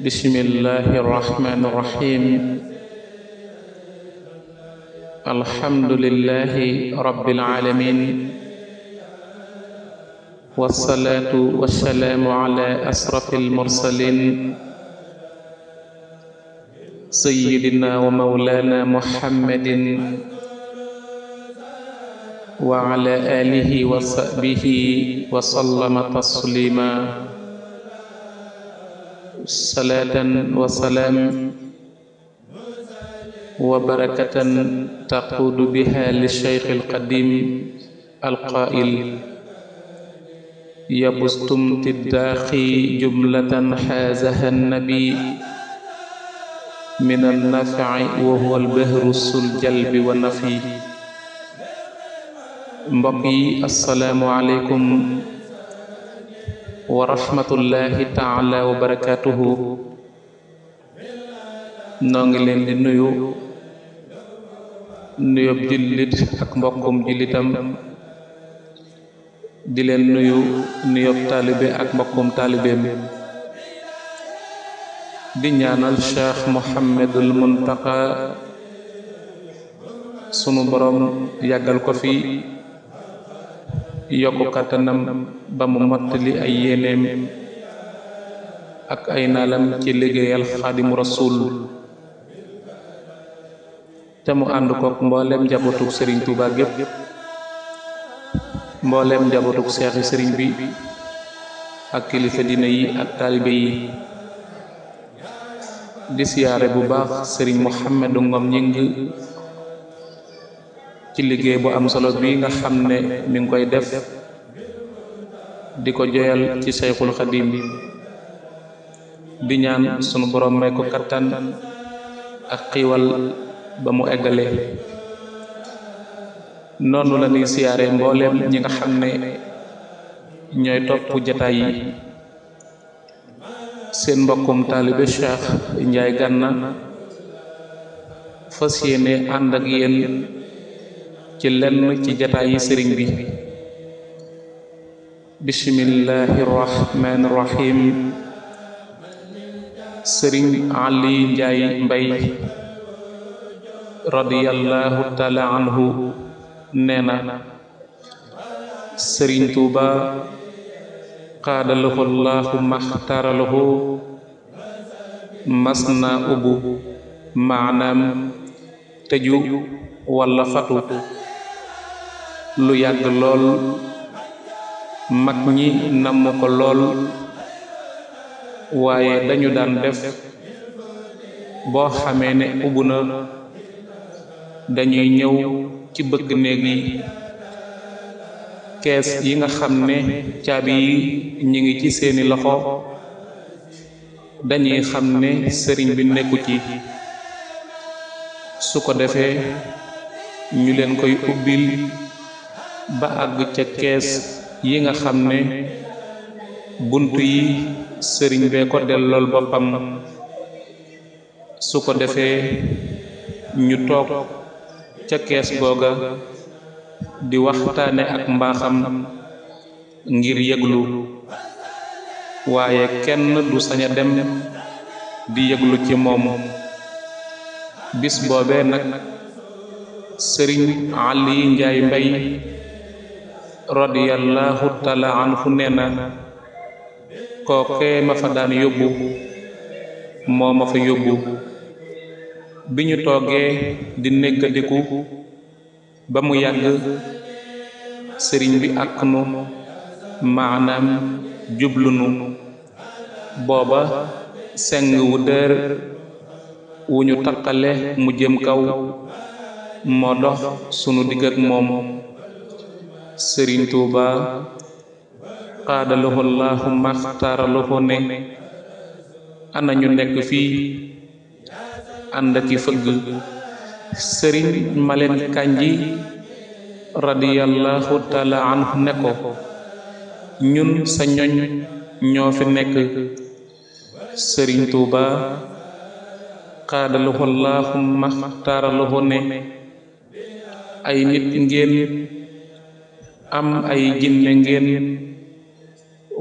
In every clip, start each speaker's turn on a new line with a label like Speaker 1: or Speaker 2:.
Speaker 1: bismillahi irrahmani irrahim alhamdulillahi rabbil alamin wasalaatu wasalaamu ala asrafil mursalin sayyidina wa mawlana muhammadin wa ala alihi wa sahbihi wa sallama taslima salaatan wa salaaman wa barakatan taquudu biha li cheikh alqadim alqaa'il yabustum tiddaaqi jumlatan xaazaha annabi min annafaci wa huwa albahru sul jalbi wa nafi mbokk yi asalaamu aleykum wa rahmatullahi taala wa barakaatuhu noo ngi leen di nuyu nuyób jullit ak mbokkum jullitam di leen nuyu nuyób taalibe ak mbokkum taalibeem di ñaanal cheikh mohammadul muntaka sunu borom yàggal ko fi yokk kàttanam ba mu mottali ay yéeneem ak ay naalam ci liggéeyal xaadimu rasul te mu ànd kook mbooleem njabootug sëriñ Tuuba gépp mbooleem njabootug seexi sëriñ bi ak kilifa dina yi ak taalibe yi di siyaare bu baax sëriñ Muhammadu Ngom ñing ci liggéey bu am solo bi nga xam ne mi ngi koy def di ko joyal ci Sayxul Xadim bi ñaan sunu boroom may ko kattan ak xiiwal ba mu eggalee noonu la ñuy siyaare mbooleem ñi nga xam ne ñooy topp jataay yi seen mbokkum taalibe Cheikh Njaay Gànna fas yéene ànd ak yéen ci lenn ci jataayi sëriñ bi bismillahi sëriñ ali njaay mbay radiyallahu taala anhu nee na sëriñ tuuba xaadalahu llahu maxtaralahu mas na ubu maanaam tëju walla fatu lu yàgg lool mag ñi namm ko lool waaye dañu daan def boo xamee ne ubbi na dañuy ñëw ci bëkk néeg yi kees yi nga xam ne caabi yi ñu ngi ci seeni loxo dañuy xam ne sëriñ bi nekku ci su ko defee ñu leen koy ubbil ba àgg ca kees yi nga xam ne bunt yi sëriñ bee ko dellool boppam su ko defee ñu toog ca kees googa di waxtaane ak mbaaxam ngir yëglu waaye kenn du sañ dem di yëglu ci moom bis boobee nag sëriñ Aliou Ndiaye Mbaye radiyallahu taala anhu nee na kookee ma fa daan yóbbu moo ma fa yóbbu bi ñu toogee di nékkandiku ba mu yàgg sëriñ bi ak nu maanaam jublu nu booba seng wu dër wu ñu taqale mu jëm kaw moo dox sunu digg ak moom sëriñ tuuba xaada loxo laaxu maxtaara loxo ne ana nekk fii ànd ki fëgg sëriñ maleen kànji radiyallahu taala ne ko ñun sa ñoñ ñoo fi nekk sëriñ tuuba xaada loxo laaxu maxtaara loxo ne ay nit ngeen am ay jinne ngeen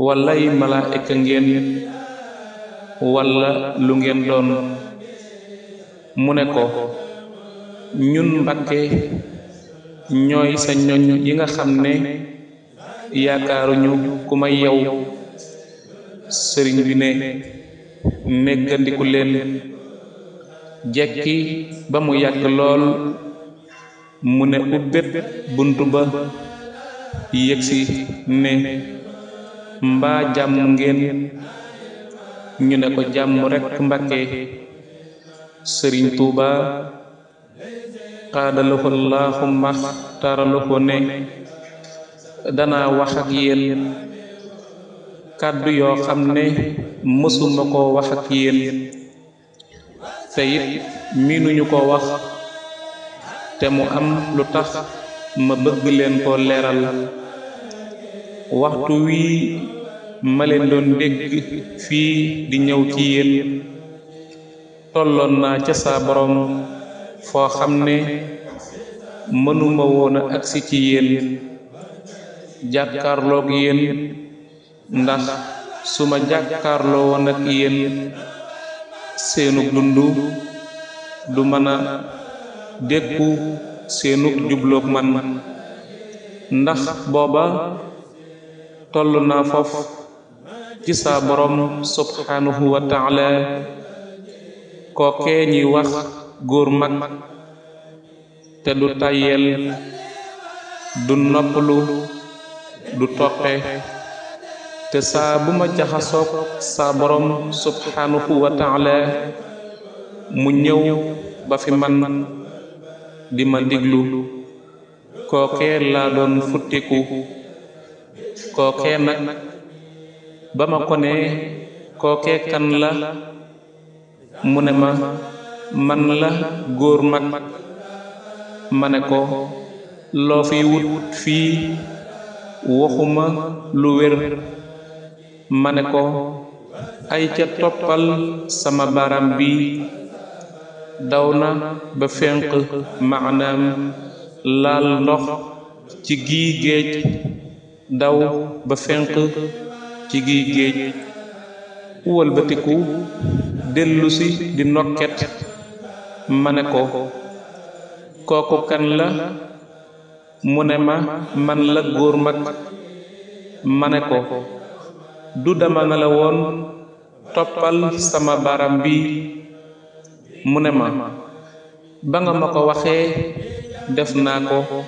Speaker 1: wala ay malaayika ngeen wala lu ngeen doon mu ne ko ñun mbakke ñooy sa ñoñ yi nga xam ne yaakaaruñu ku may yow sëriñ bi ne néggandiku leen jekki ba mu yàgg lool mu ne ubbét bunt ba yëgsi ne mbaa jàmm ngeen ñu ne ko jàmm rekk Mbàkke sëriñ Tuuba xaadaluxo laaxu max taraluxo ne danaa wax ak yéen kàddu yoo xam ne mësuma koo wax ak yéen te it miinuñu ko wax te mu am lu tax ma bëgg leen ko leeral waxtu wii ma leen doon dégg fii di ñëw ci yéen tolloon naa ca saa borom foo xam ne mënuma woon agsi ci yéen jàkkaarloog yéen ndax su ma jàkkaarloo woon ak yéen seenu dund du mën a dékku seenug jubloog man ndax booba tollu naa foof ci saa borom subhanahu wa taala kookee ñuy wax góor mag te du tàyyeel du noppalu du toqe te saa bu ma jaxasoog saa borom subhanahu wa taala mu ñëw ba fi man di ma diglu kookee laa doon futtiku kookee nag ba ma ko ne kookee kan la mu ne ma man la góor mag ma ne ko loo fi wut fii waxuma lu wér ma ne ko ay ca toppal sama baram bi daw na ba fenq maanaam laal ndox ci gii géej daw ba fenq ci gii géej walbatiku dellusi di nokket ma ne ko kooku kan la mu ne ma man la góor mag ma ne ko du dama ne la woon toppal sama baram bi mu ne ma ba nga ma ko waxee def naa ko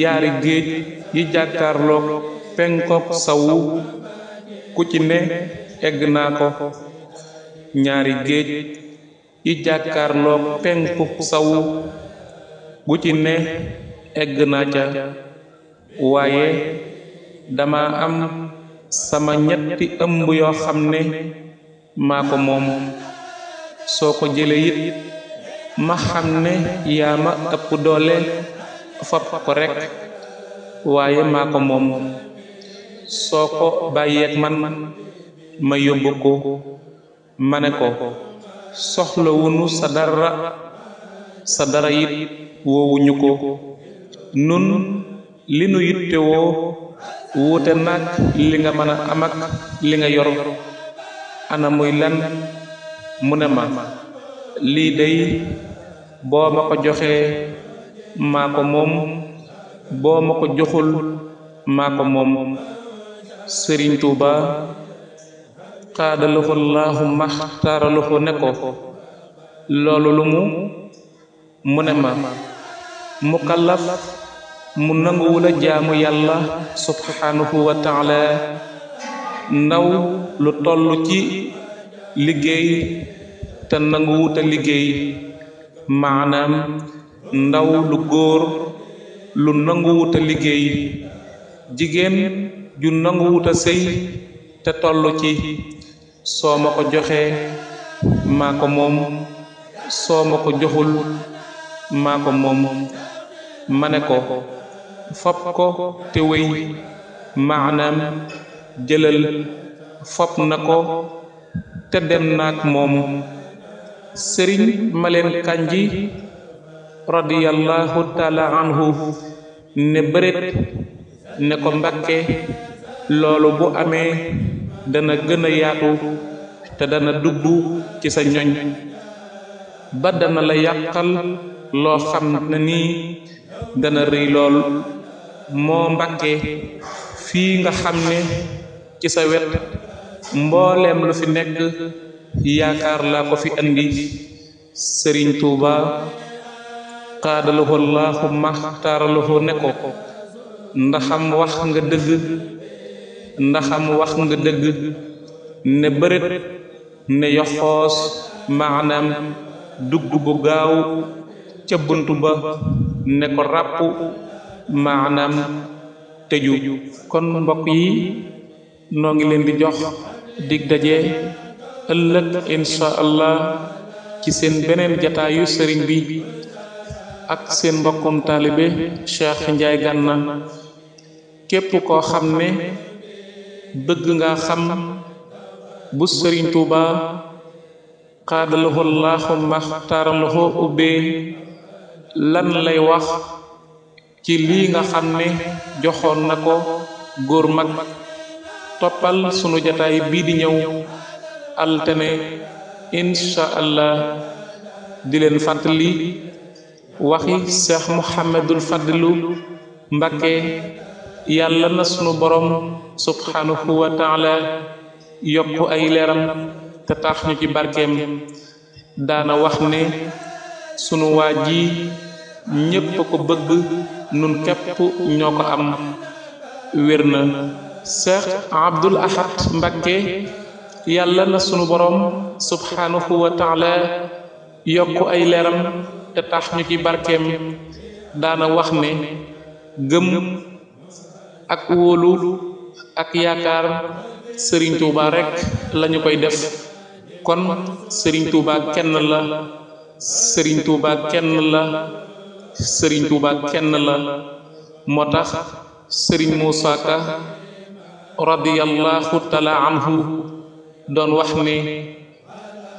Speaker 1: yaari géej yi jàkkaarloog penkook sawu ku ci ne egg naa ko ñaari géej yi jàkkaarloog penkuk sawu gu ci ne egg naa ca waaye dama am sama ñetti ëmb yoo xam ne maa ko moom soo ko jëlee it ma xam ne yaa ma ëpp doole fab ko rek waaye maa ko moom soo ko bàyyeeg man ma yóbbu ko ma ne ko soxlawunu sa dara sa dara it woowuñu ko nun li nu yitte woo nag li nga mën a am li nga yor ana muy lan mu ne ma lii day boo ma ko joxee maa ko moom boo ma ko joxul maa ko moom sëriñ tuuba xaadaluxu laahu maxtaaraluxu ne ko loolu lu mu mu ne ma mu kallaf mu nanguwula jaamu yàlla subhanahu wa taala ndaw lu toll ci liggéey te nanguwuta liggéey maanaam ndaw lu góor lu nanguwuta liggéey jigéen ju nanguwuta sëy te toll ci soo ma ko joxee maa ko moom soo ma ko joxul maa ko moom ma ne ko fab ko te wéy maanaam jëlal fab na ko te dem naag moom sëriñ maleen kanji radiyallahu taala ne bëret ne ko mbakke loolu bu amee dana gën a yaatu te dana dugg ci sa ñoñ ba dana la yàqal loo xam ne nii dana rëy lool moo mbakke fii nga xam ne ci sa wet mbooleem lu fi nekk yaakaar laa ko fi andi sëriñ tuuba xaadaluhu laahu maxtaaraluhu ne ko ndaxam wax nga dëgg ndaxam wax nga dëgg ne bërët ne yoxoos maanaam dugg bu gaaw ca bunt ba ne ko ràpp maanaam tëju kon mbokk yi noo ngi leen di jox dig daje ëllëg incha ci seen beneen jataayu sëriñ bi ak seen mbokkum taalibe Cheikh Ndiaye Gana képp koo xam ne bëgg nga xam bu sëriñ Tuuba xaadalahu laaxu maxtaaralahu ubbee lan lay wax ci lii nga xam ne joxoon na ko góor mag toppal sunu jataay bii di ñëw altene incha allah di leen fàttali waxi seex muhammadul fadilu mbakke yàlla na sunu borom subhanahu wa taala yokk ay leeram te tax ñu ci barkeem daana wax ne sunu waa ji ñépp ko bëgg nun képp ñoo ko am wér na Cheikh Abdul Ahad Mbakke yàlla na sunu boroom subhanahu wa yokk ay leeram te tax ñu ci barkeem daana wax ne gëm ak wóolu ak yaakaar Serigne Touba rek lañu koy def kon Serigne Touba kenn la Serigne Touba kenn la Serigne Touba kenn la moo tax sëriñ Moussa radiyallahu taala anhu doon wax ne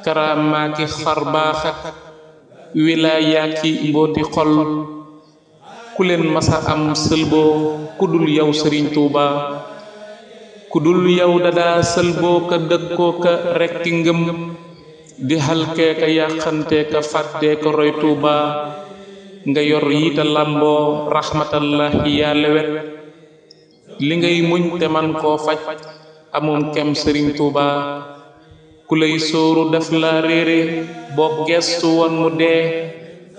Speaker 1: karaamaaki xar baax ak wilaayaaki mbooti xol ku leen masa am sëlboo ku yow sëriñ tuuba ku yow dadaa sëlboo ka dëkkoo ka rekki ngëm di xalkee ka yàqantee ka fàttee ka roy tuuba nga yor yiita làmboo raxmatallahi yaa lewet li ngay muñ te man koo faj amum kem sëriñ tuuba ku lay sóoru def la réere boo gestu woon mu dee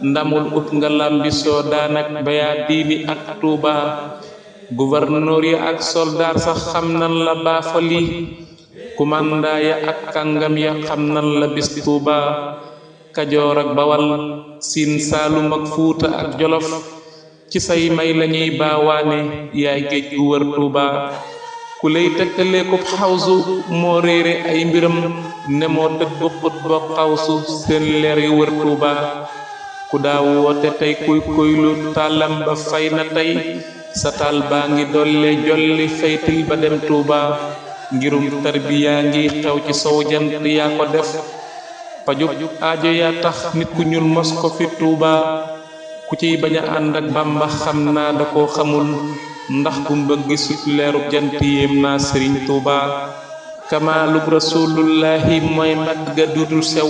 Speaker 1: ndamul ut nga làmbi soo daanak bayaa diini ak tuuba gouverneur ya ak soldaar sax xam nan la baafali kumandaa ya ak kàngam ya xam nan la bis tuuba kajoor ak bawal siin saalum ak fuuta ak jolof ci say may lañuy baawaane yaay géej gu wër Tuuba ku lay tëkkalee xawsu moo réere ay mbiram ne moo tëdd bu xut xawsu seen leer yu wër Tuuba ku daa woote tey kuy kuylu tàllam ba fay na tey sa taal baa ngi dolle jolli faytil ba dem Tuuba ngirum tarbiyaa ngi xew ci sow jant yaa ko def pajub aajo yaa tax nit ku ñuul mos ko fi Tuuba ku ciy bañ a ànd ak bàmba xam naa da koo xamul ndax ku mbëgg sut leerub jant yéem naa sëriñ tuuba kamaalub rasulullahi mooy mat ga dudul sew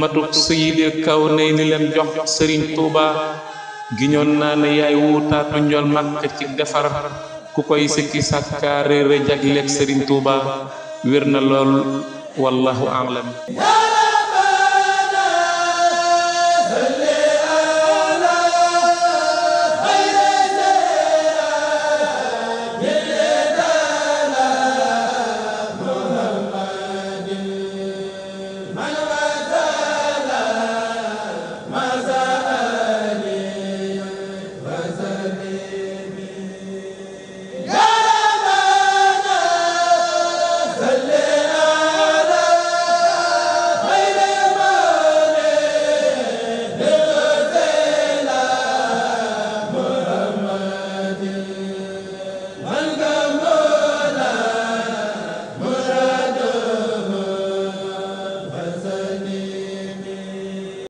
Speaker 1: matub sayidil kaw nay ni leen jox sëriñ tuuba giñoon naa ne yaay wuutaatu njol màkk ci defar ku koy sikki sàkkaa réere jagleeg sëriñ tuuba wér na lool wallahu a'lam